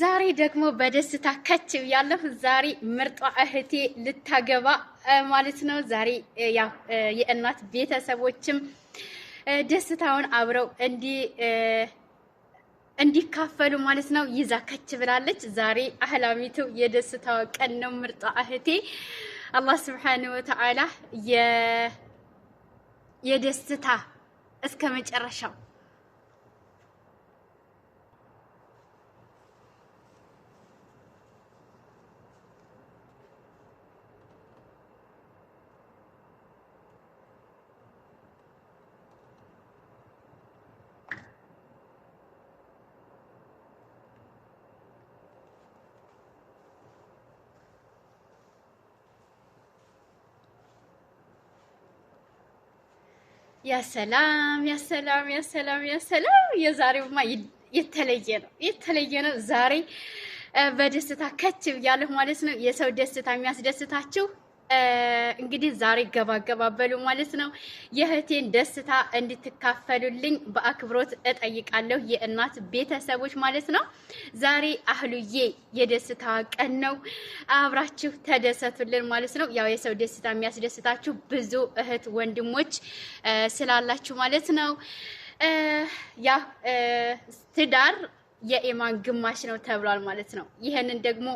ዛሬ ደግሞ በደስታ ከች ብያለሁ። ዛሬ ምርጧ እህቴ ልታገባ ማለት ነው። ዛሬ ያው የእናት ቤተሰቦችም ደስታውን አብረው እንዲ እንዲካፈሉ ማለት ነው ይዛ ከች ብላለች። ዛሬ አህላሚቱ የደስታው ቀን ነው። ምርጧ እህቴ አላህ ስብሓነሁ ወተዓላ የደስታ እስከ መጨረሻው ያሰላም ያሰላም ያሰላም ያሰላም። የዛሬውማ የተለየ ነው፣ የተለየ ነው። ዛሬ በደስታ ከች ብያለሁ ማለት ነው። የሰው ደስታ የሚያስደስታችሁ እንግዲህ ዛሬ ገባገባበሉ ማለት ነው። የእህቴን ደስታ እንድትካፈሉልኝ በአክብሮት እጠይቃለሁ። የእናት ቤተሰቦች ማለት ነው። ዛሬ አህሉዬ የደስታ ቀን ነው። አብራችሁ ተደሰቱልን ማለት ነው። ያው የሰው ደስታ የሚያስደስታችሁ ብዙ እህት ወንድሞች ስላላችሁ ማለት ነው። ያ ትዳር የኢማን ግማሽ ነው ተብሏል ማለት ነው። ይህንን ደግሞ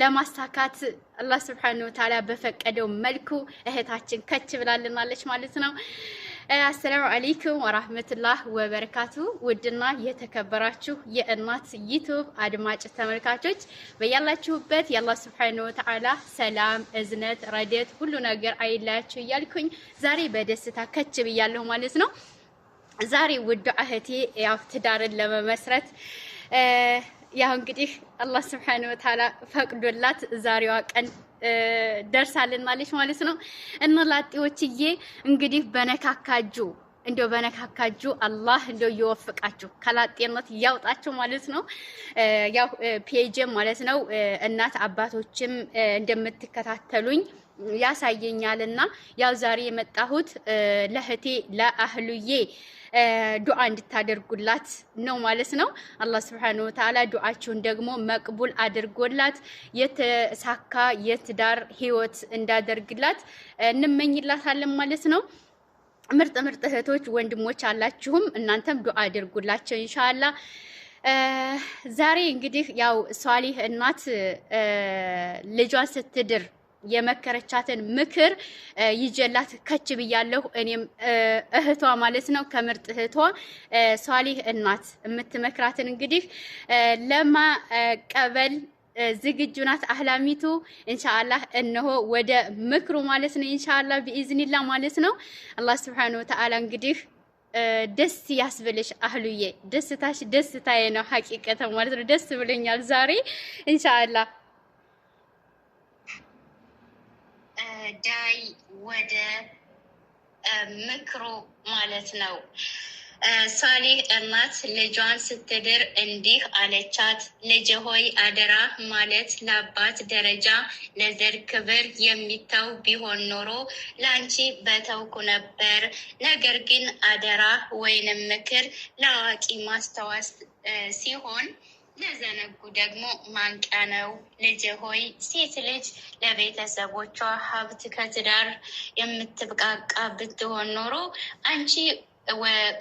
ለማሳካት አላህ ስብሐነሁ ወተዓላ በፈቀደው መልኩ እህታችን ከች ብላልናለች ማለት ነው። አሰላሙ አለይኩም ወራህመቱላህ ወበረካቱ። ውድና የተከበራችሁ የእናት ዩቲዩብ አድማጭ ተመልካቾች በያላችሁበት የአላህ ስብሐነሁ ወተዓላ ሰላም፣ እዝነት፣ ረደት ሁሉ ነገር አይለያችሁ እያልኩኝ ዛሬ በደስታ ከች ብያለሁ ማለት ነው። ዛሬ ውድ እህቴ ያው ትዳርን ለመመስረት ያው እንግዲህ አላህ ስብሓን ወተዓላ ፈቅዶላት ዛሬዋ ቀን ደርሳልን ማለች ማለት ነው። እነ ላጤዎችዬ እንግዲህ በነካካጁ እንደው በነካካጁ አላህ እንደው እየወፍቃችሁ ከላጤነት እያውጣችሁ ማለት ነው። ያው ፔጅም ማለት ነው እናት አባቶችም እንደምትከታተሉኝ ያሳየኛልና ያው ዛሬ የመጣሁት ለህቴ ለአህሉዬ ዱዓ እንድታደርጉላት ነው ማለት ነው። አላህ ሱብሓነሁ ወተዓላ ዱዓችሁን ደግሞ መቅቡል አድርጎላት የተሳካ የትዳር ህይወት እንዳደርግላት እንመኝላታለን ማለት ነው። ምርጥ ምርጥ እህቶች ወንድሞች አላችሁም። እናንተም ዱአ አድርጉላቸው ኢንሻአላ። ዛሬ እንግዲህ ያው ሷሊህ እናት ልጇን ስትድር የመከረቻትን ምክር ይጀላት ከች ብያለሁ። እኔም እህቷ ማለት ነው ከምርጥ እህቷ ሷሊህ እናት የምትመክራትን እንግዲህ ለማቀበል ዝግጁ ናት አህላሚቱ። ኢንሻአላህ እነሆ ወደ ምክሩ ማለት ነው። ኢንሻአላህ ቢኢዝኒላ ማለት ነው። አላህ ሱብሓነሁ ወተዓላ እንግዲህ ደስ ያስብልሽ አህሉዬ፣ ደስታሽ ደስታዬ ነው ሀቂቀተ ማለት ነው። ደስ ብለኛል ዛሬ ኢንሻአላህ። ዳይ ወደ ምክሩ ማለት ነው። ሳሌህ እናት ልጇን ስትድር እንዲህ አለቻት፣ ልጅ ሆይ አደራ ማለት ለአባት ደረጃ ለዘር ክብር የሚተው ቢሆን ኖሮ ለአንቺ በተውኩ ነበር። ነገር ግን አደራ ወይንም ምክር ለአዋቂ ማስታወስ ሲሆን ለዘነጉ ደግሞ ማንቂያ ነው። ልጅ ሆይ ሴት ልጅ ለቤተሰቦቿ ሀብት ከትዳር የምትብቃቃ ብትሆን ኖሮ አንቺ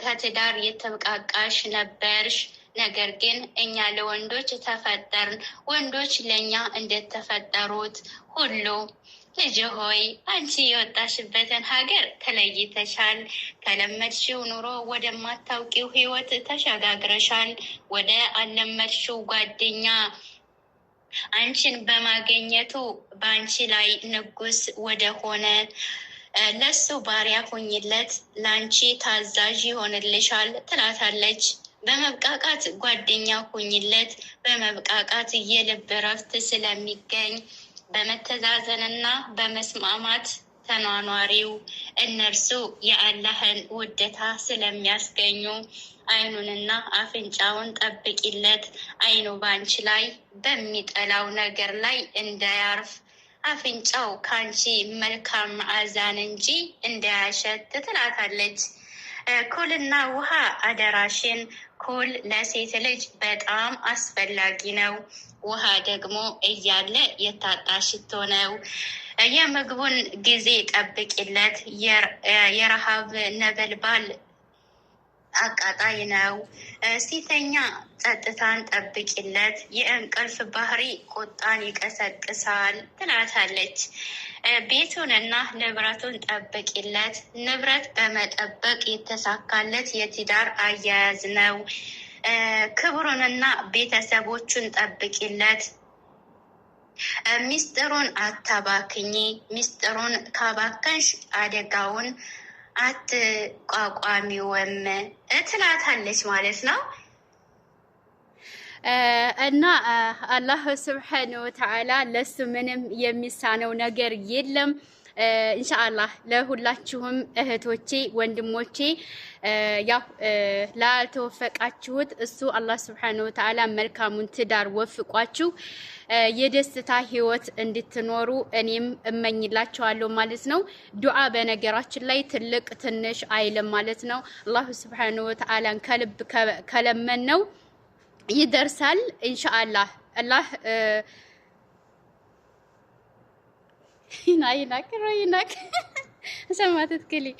ከትዳር የተብቃቃሽ ነበርሽ። ነገር ግን እኛ ለወንዶች ተፈጠርን፣ ወንዶች ለእኛ እንደተፈጠሩት ሁሉ ልጅ ሆይ አንቺ የወጣሽበትን ሀገር ተለይተሻል። ከለመድሽው ኑሮ ወደማታውቂው ህይወት ተሸጋግረሻል። ወደ አለመድሽው ጓደኛ አንቺን በማገኘቱ በአንቺ ላይ ንጉስ ወደሆነ ለሱ ባሪያ ሆኝለት ለአንቺ ታዛዥ ይሆንልሻል ትላታለች። በመብቃቃት ጓደኛ ሆኝለት በመብቃቃት የልብ ረፍት ስለሚገኝ በመተዛዘንና በመስማማት ተኗኗሪው እነርሱ የአላህን ውደታ ስለሚያስገኙ አይኑንና አፍንጫውን ጠብቂለት፣ አይኑ ባንች ላይ በሚጠላው ነገር ላይ እንዳያርፍ አፍንጫው ከአንቺ መልካም መዓዛን እንጂ እንዳያሸት ትላታለች። ኩልና ውሃ አደራሽን። ኩል ለሴት ልጅ በጣም አስፈላጊ ነው። ውሃ ደግሞ እያለ የታጣ ሽቶ ነው። የምግቡን ጊዜ ጠብቂለት። የረሃብ ነበልባል አቃጣይ ነው። ሲተኛ ጸጥታን ጠብቂለት፣ የእንቅልፍ ባህሪ ቁጣን ይቀሰቅሳል ትላታለች። ቤቱንና ንብረቱን ጠብቂለት፣ ንብረት በመጠበቅ የተሳካለት የትዳር አያያዝ ነው። ክብሩንና ቤተሰቦቹን ጠብቂለት። ሚስጥሩን አታባክኚ። ሚስጥሩን ካባከንሽ አደጋውን አትቋቋሚውም ትላታለች ማለት ነው። እና አላህ ስብሓን ወተዓላ ለሱ ምንም የሚሳነው ነገር የለም። ኢንሻአላህ ለሁላችሁም እህቶቼ ወንድሞቼ፣ ያው ላልተወፈቃችሁት እሱ አላህ ሱብሓነሁ ወተዓላ መልካሙን ትዳር ወፍቋችሁ የደስታ ህይወት እንድትኖሩ እኔም እመኝላችኋለሁ ማለት ነው። ዱዓ በነገራችን ላይ ትልቅ ትንሽ አይልም ማለት ነው። አላህ ሱብሓነሁ ወተዓላን ከልብ ከለመን ነው ይደርሳል ኢንሻአላህ አላህ ينعينك روينك عشان ما تتكلي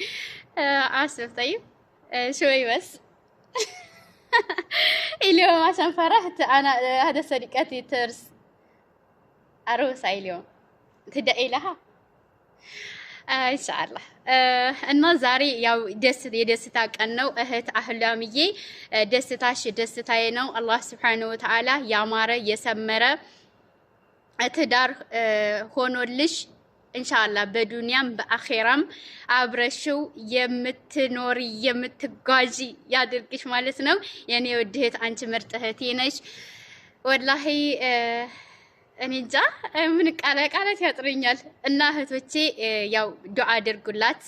آه، اسف طيب آه، شوي بس اليوم عشان فرحت انا آه، هذا صديقتي ترس عروسة اليوم تدعي لها ان شاء الله እና ዛሬ ያው ደስ የደስታ ቀን ነው እህት አህላምዬ፣ ደስታሽ ደስታዬ ነው። አላህ ስብሓነሁ ወተዓላ ያማረ የሰመረ ትዳር هونولش እንሻላ በዱንያም በአኼራም አብረሽው የምትኖሪ የምትጓዢ ያድርግሽ ማለት ነው። የኔ ውድ እህት፣ አንቺ ምርጥ እህቴ ነሽ። ወላሂ እኔ እንጃ ምን ቃለ ቃላት ያጥረኛል። እና እህቶቼ ያው ዱዓ አድርጉላት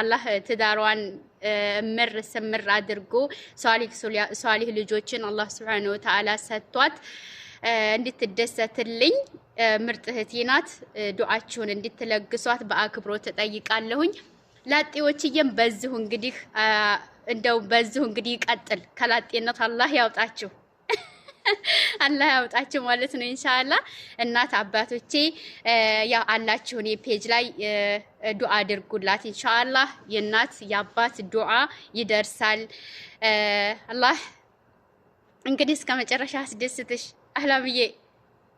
አላህ ትዳሯን ምር ስምር አድርጎ ሷሊህ ልጆችን አላህ ስብሐነሁ ወተዓላ ሰጥቷት እንድትደሰትልኝ ምርጥ እህቴ ናት። ዱዓችሁን እንድትለግሷት በአክብሮት ተጠይቃለሁኝ። ላጤዎችዬም በዚሁ እንግዲህ እንደው በዚሁ እንግዲህ ይቀጥል። ከላጤነት አላህ ያውጣችሁ አላህ ያውጣችሁ ማለት ነው። ኢንሻአላህ እናት አባቶቼ ያው አላችሁን የፔጅ ላይ ዱዓ አድርጉላት። ኢንሻአላህ የእናት የአባት ዱዓ ይደርሳል። አላህ እንግዲህ እስከ መጨረሻ አስደስትሽ። አህላምዬ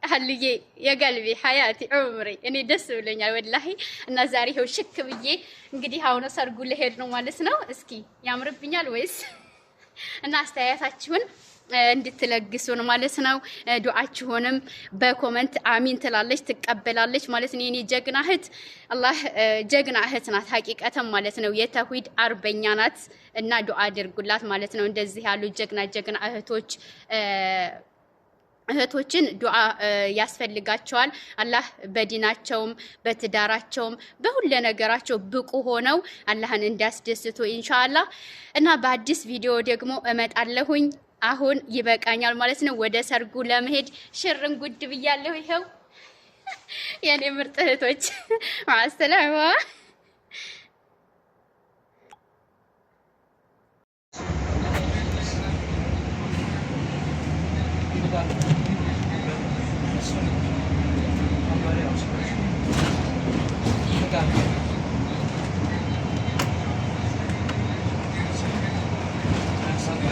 አህልዬ የገልቤ ሀያቲ ዑምሬ እኔ ደስ ብሎኛል ወላሂ። እና ዛሬ ይኸው ሽክ ብዬ እንግዲህ አሁን ሰርጉ ልሄድ ነው ማለት ነው። እስኪ ያምርብኛል ወይስ እና አስተያየታችሁን እንድትለግሱን ማለት ነው። ዱዓችሁንም በኮመንት አሚን ትላለች ትቀበላለች ማለት ነው። የኔ ጀግና እህት አላህ ጀግና እህት ናት ሀቂቀተን ማለት ነው። የተውሂድ አርበኛ ናት እና ዱዓ አድርጉላት ማለት ነው። እንደዚህ ያሉ ጀግና ጀግና እህቶች እህቶችን ዱዓ ያስፈልጋቸዋል። አላህ በዲናቸውም በትዳራቸውም በሁለ ነገራቸው ብቁ ሆነው አላህን እንዲያስደስቱ ኢንሻአላህ እና በአዲስ ቪዲዮ ደግሞ እመጣለሁኝ። አሁን ይበቃኛል ማለት ነው። ወደ ሰርጉ ለመሄድ ሽርን ጉድ ብያለሁ። ይኸው የኔ ምርጥ እህቶች ማሰላማ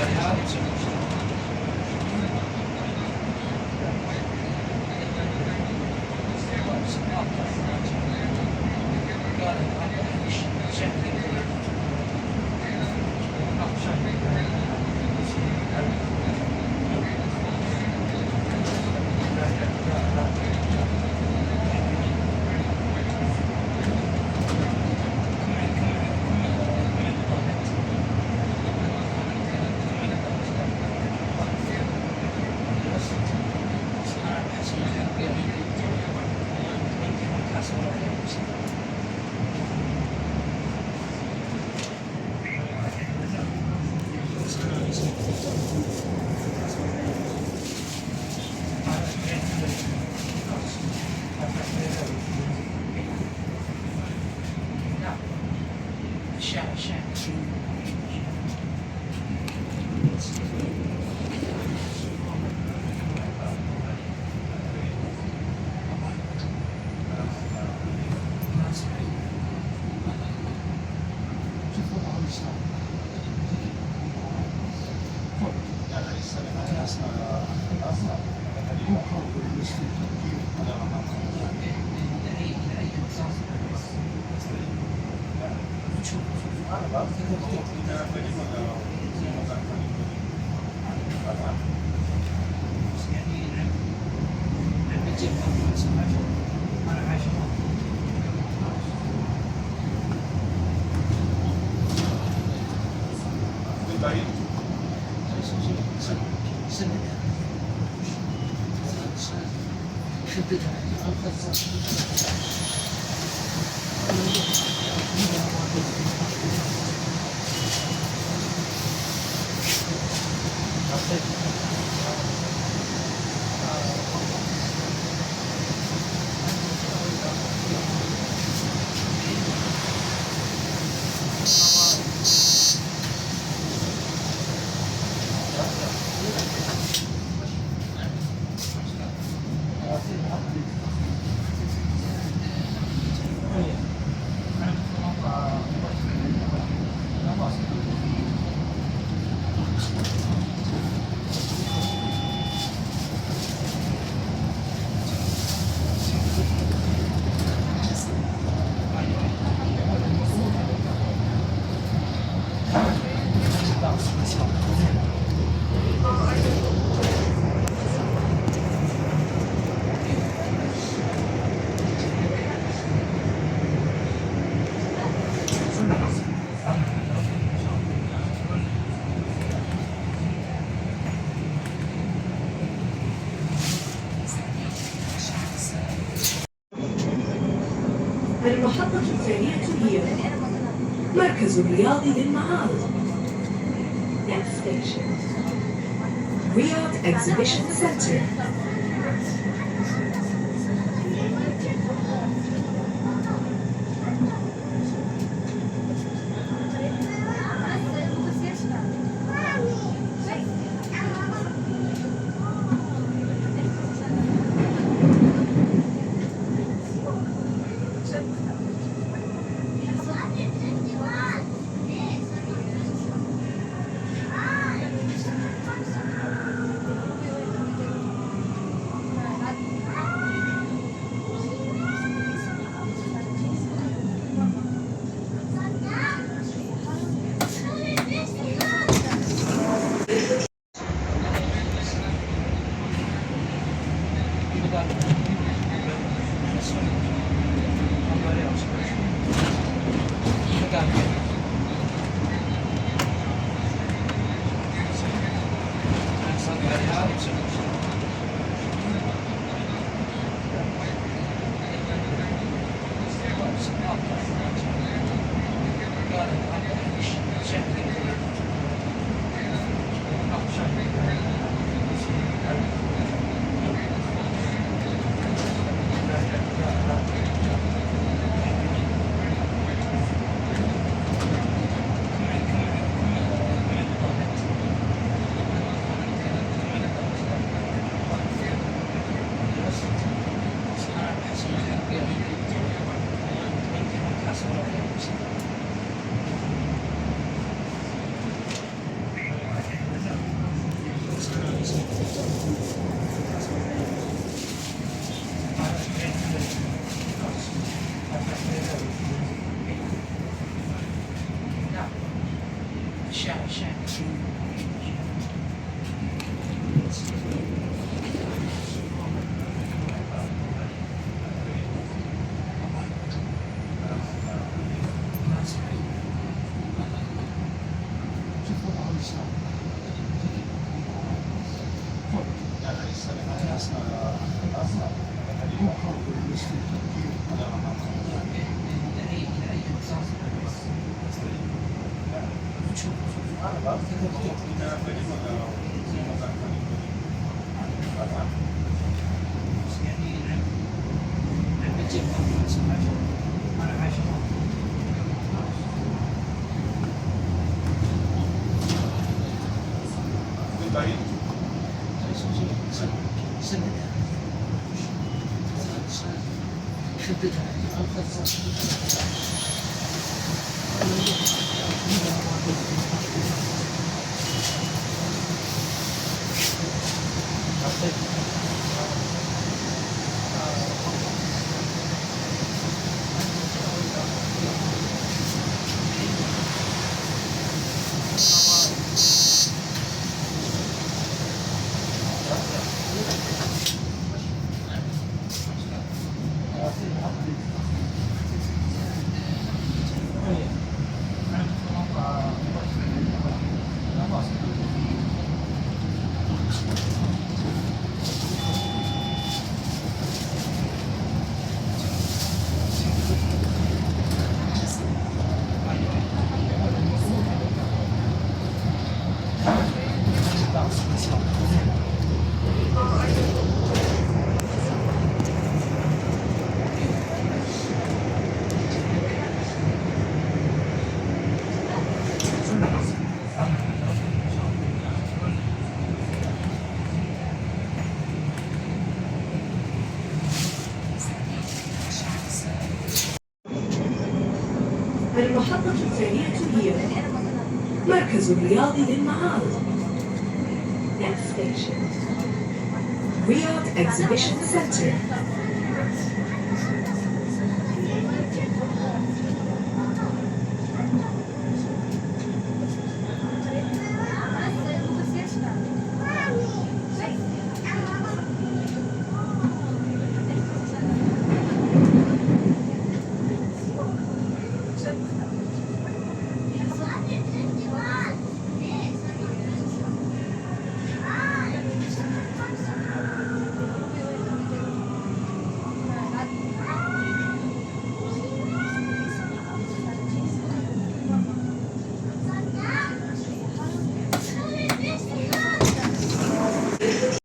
Thank you. 哎，这手机，这，这，是是这，这，这，这，这，这，这，这，这，这，这，is a reality in Next station, Riyadh Exhibition Center. us uh, as a local ministry to give which Thank you. is a reality in Next station. Riyadh Exhibition Center.